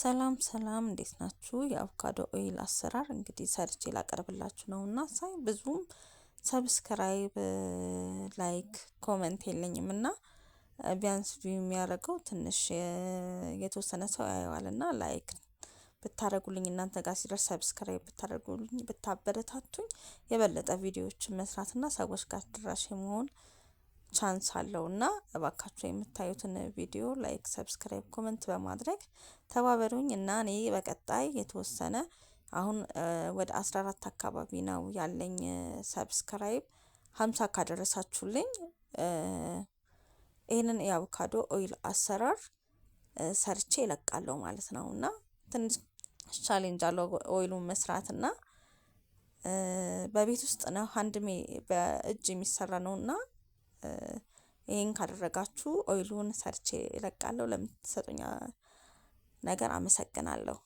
ሰላም ሰላም እንዴት ናችሁ? የአቮካዶ ኦይል አሰራር እንግዲህ ሰርቼ ላቀርብላችሁ ነው እና ሳይ ብዙም ሰብስክራይብ፣ ላይክ፣ ኮመንት የለኝም እና ቢያንስ ቪው የሚያደርገው ትንሽ የተወሰነ ሰው ያየዋል እና ላይክ ብታደርጉልኝ እናንተ ጋር ሲደርስ ሰብስክራይብ ብታደረጉልኝ ብታበረታቱኝ የበለጠ ቪዲዮዎችን መስራትና ሰዎች ጋር ተደራሽ መሆን ቻንስ አለው እና እባካችሁ የምታዩትን ቪዲዮ ላይክ፣ ሰብስክራይብ፣ ኮመንት በማድረግ ተባበሩኝ እና እኔ በቀጣይ የተወሰነ አሁን ወደ 14 አካባቢ ነው ያለኝ ሰብስክራይብ። 50 ካደረሳችሁልኝ ይህንን የአቮካዶ ኦይል አሰራር ሰርቼ ይለቃለሁ ማለት ነው እና ትንሽ ቻሌንጅ አለው ኦይሉን መስራትና በቤት ውስጥ ነው አንድሜ በእጅ የሚሰራ ነው እና ይህን ካደረጋችሁ ኦይሉን ሰርቼ እለቃለሁ። ለምትሰጡኛ ነገር አመሰግናለሁ።